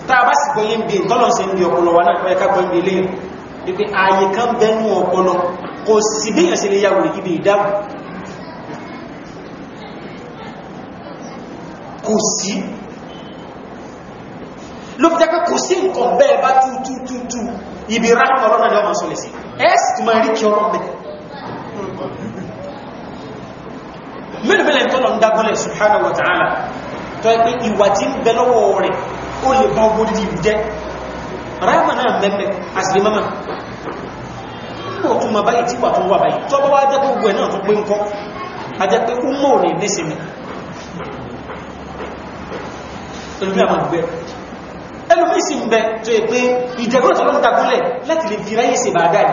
tá a bá sì gbọ́ yín bí tọ́lọ̀ ṣe ń bí ọpọlọ wa náà fẹ́ ká gbọ́ ilé ni pé ààyè kan bẹnu ọpọlọ kò sí bí èèyàn ṣe lè yàwó ibi ìdáàbò kò sí ló fi jẹ́ pé kò sí nǹkan bẹ́ẹ̀ bá tútútútù ibi ráhùn ọlọ́nà ni ọmọ sọlẹ̀ sí ẹ́sì tó máa rí kí ọlọ́ mẹ́ mẹ́lẹ̀mẹ́lẹ̀ tó lọ ń dágọ́lẹ̀ subhanahu tó ẹ̀ a ẹlòmí sì ń bẹ tó yẹ pé ìjẹgbọ́n tó ló ń tagúnlẹ̀ láti lè fi ráyè sí bàdá ì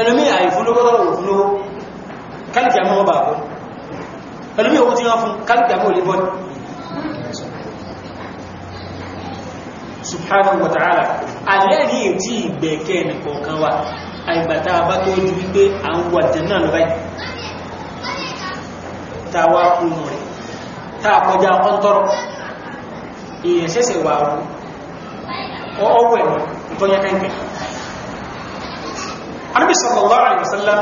ẹlòmí àìfúnlówọ́lọ́wọ́ òfúnlówó kálìkì àmọ́ ọba àbọ́ ẹlòmí owó tí wọ́n fún kálìkì àmọ́ olè bọ́ni subhanahu wa ta'ala alẹ́ ní ètí ìgbẹ̀kẹ́ nìkọ̀ọ̀kan wa àìgbàta bá tó di wípé à ń wà jẹ́ náà lọ báyìí tàwa kú rẹ̀ tá a kọjá ọ̀ntọ́rọ̀ èèyàn ṣẹ̀ṣẹ̀ wà ó ọwọ́ ẹ̀mọ̀ tó yẹ kẹ́kẹ́ Ànábì sallallahu alaihi wasallam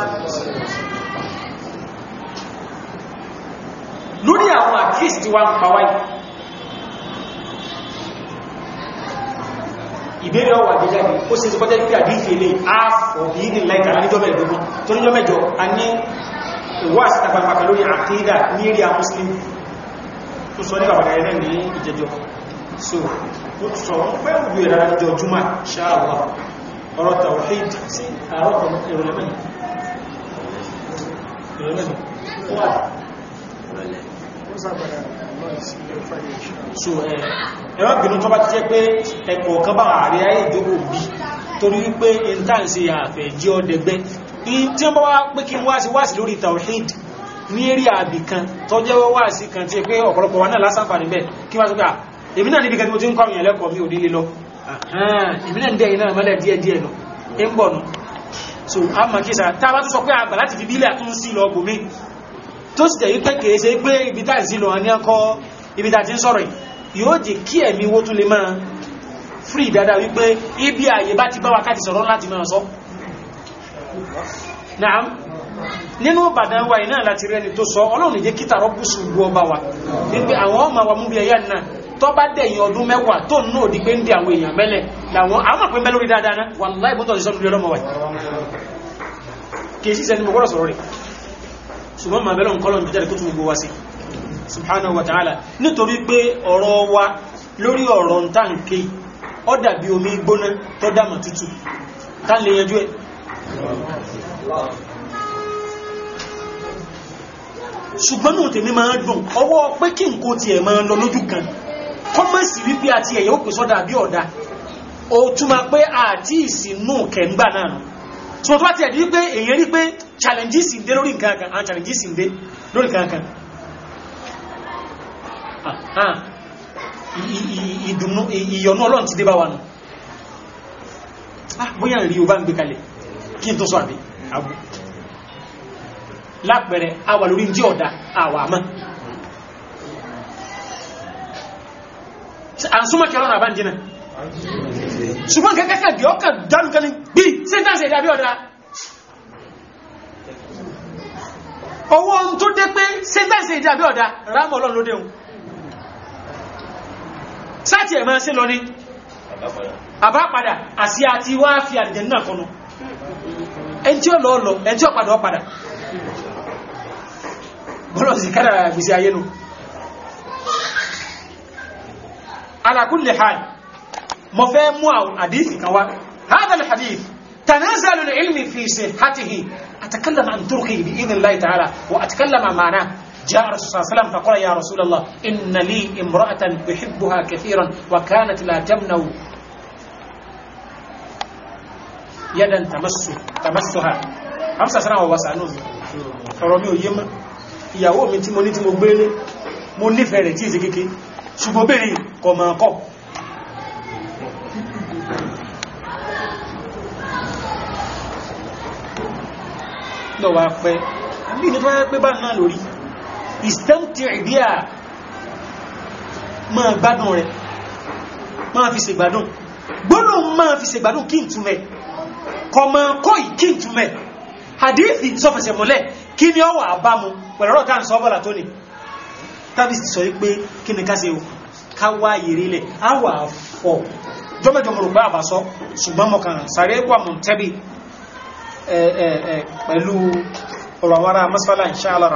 lórí àwọn àkíyèsí tí wá ń pa wáyé ìbéèrè ọwà àgbéjáde ó sì sọpọ́jẹ́ pé àdífì ilé àfọ̀bí ní láìka níjọ́mẹ̀ ìgbógún torí jọ́mẹ́jọ a ní ìwà àsìtàgbàmàkà lórí àkídà ní èrè àwọn muslim tó sọ ní bàbá rẹ̀ ní ìjẹjọ́ so ó sọ pẹ́ òwú ìrà ìjọ jùmọ̀ ṣáàwà ọ̀rọ̀ tawhid sí àrọ́kọ̀ ìrọ̀lẹ́mẹ́ni so ẹ̀wọ́n bìnú tó bá ti jẹ́ pé ẹ̀kọ̀ kan bá ààrẹ ayé ìjókòó bí torí wípé intanse àfẹ́ jí ọdẹgbẹ́ in tí wọ́n bá wá pé kí wá sí wá sí lórí tawhid ní eré àbì kan tó jẹ́ wọ́wọ́ àsì kan tí pé ọ̀pọ̀lọpọ̀ wa náà lásàǹfààní bẹ́ẹ̀ kí wá sọ pé èmi náà níbi kan tí mo ti ń kọ́ àwọn ẹlẹ́kọ̀ọ́ mi ò nílé lọ èmi náà ń dẹ́yìn náà mọ́lẹ̀ díẹ̀ díẹ̀ lọ ń bọ̀ nù a mọ̀ kí sà tá a bá tún sọ pé àgbà láti fi bílẹ̀ àtún sí lọ gòmí tó sì tẹ̀yí pẹ́kẹ̀ẹ́ ṣe pé ibi tá sí lọ ní ọkọ̀ ibi tá ti ń sọ̀rọ̀ yóò jẹ́ kí ẹ̀mí wó tún lè máa fírí dáadáa wípé ibi àyè bá nínú ìbàdàn wa iná láti rẹni tó sọ ọlọ́run ìjẹ́ kíta rọ́bùsù ìlú ọba wa wípé àwọn ọmọ wa múbi ẹ̀yà náà tó dẹ̀yìn ọdún mẹ́wàá tó ń náà di ń di àwọn èèyàn mẹ́lẹ̀ làwọn wa kì í sísẹ́ ní mo gbọ́dọ̀ sọ̀rọ̀ rẹ̀ ṣùgbọ́n màá bẹ́lọ̀ nǹkan lọ́nà jẹ́rẹ̀ tó ṣùgbọ́n náà tèmi máa ń dùn ọwọ́ pé kí n kó tiẹ̀ máa lọ lójú kan kọ́mọ̀sì wípé àti ẹ̀yẹ ó pè sọ́dà bí ọ̀dà ó túmọ̀ pé àti ìsìnú kẹ̀ǹgbà náà tí wọ́n tó bá tiẹ̀ di pé èèyàn rí pé challenges ń dé lórí nǹkan kan àwọn challenges ń dé lórí nǹkan kan ah, ah. ìdùnnú ìyọnú ọlọ́run ti dé bá wa nù ah, bóyá rí o bá ń gbé kalẹ̀ kí n tó sọ àbí àbú lápẹẹrẹ àwà lórí jí ọ̀dá àwà mọ́ àǹsúnmọ́kẹ́ ọlọ́rọ̀ àbájínà ṣùgbọ́n kẹ́kẹ́kẹ́ bí ọkà dánukẹ́lì bí sẹ́ntàṣẹ́ ìdàbí ọ̀dá ọwọ́ ohun tó dé pé sẹ́ntàṣẹ́ ìdàbí ọ̀dá rámọ̀ ọlọ́run ló déhun sáti ẹ̀mọ́ sí lọ ní àbápadà àti àti wá fi àdìjẹ̀ náà kọ́nu ẹjọ́ lọ́ọ̀lọ́ ẹjọ́ padà ọ̀padà bọ́lọ̀ sí kára على كل حال مفهم kulli حديث كوا هذا الحديث تنزل تنازل العلم في صحته أتكلم عن تركي بإذن الله تعالى وأتكلم عن معناه جاء الرسول صلى الله عليه وسلم فقال يا رسول الله إن لي امرأة أحبها كثيرا وكانت لا تمنع يدا تمس تمسها خمسة سنة ووسع نوز فرميو يم ìyàwó mi tí mo ní tí mo gbélé mo nífẹ̀ẹ́ rẹ̀ tí ìsẹ́ kéèké ṣùgbọ́n bèèrè kọ̀mọ̀kọ́ lọ́wà pẹ́ àbí ní tó wáyé pé bá náà lórí ìstẹ́ntì ìbíà máa gbádùn rẹ̀ máa fi ṣègbádùn gbónà máa fi ṣègbádùn kí n túnmẹ̀ kọ̀mọ̀kọ́ ì kí n àdífì sọfẹ̀sẹ̀ mọ́lẹ̀ Kini ni ọ wà bámu pẹ̀lú ọ̀rọ̀ tá à ń sọ bọ́là tó ní tàbí sọ pé kí ni ká ṣe o ká wá ìrí lẹ̀ á wà sọ ṣùgbọ́n wà mọ̀ masfala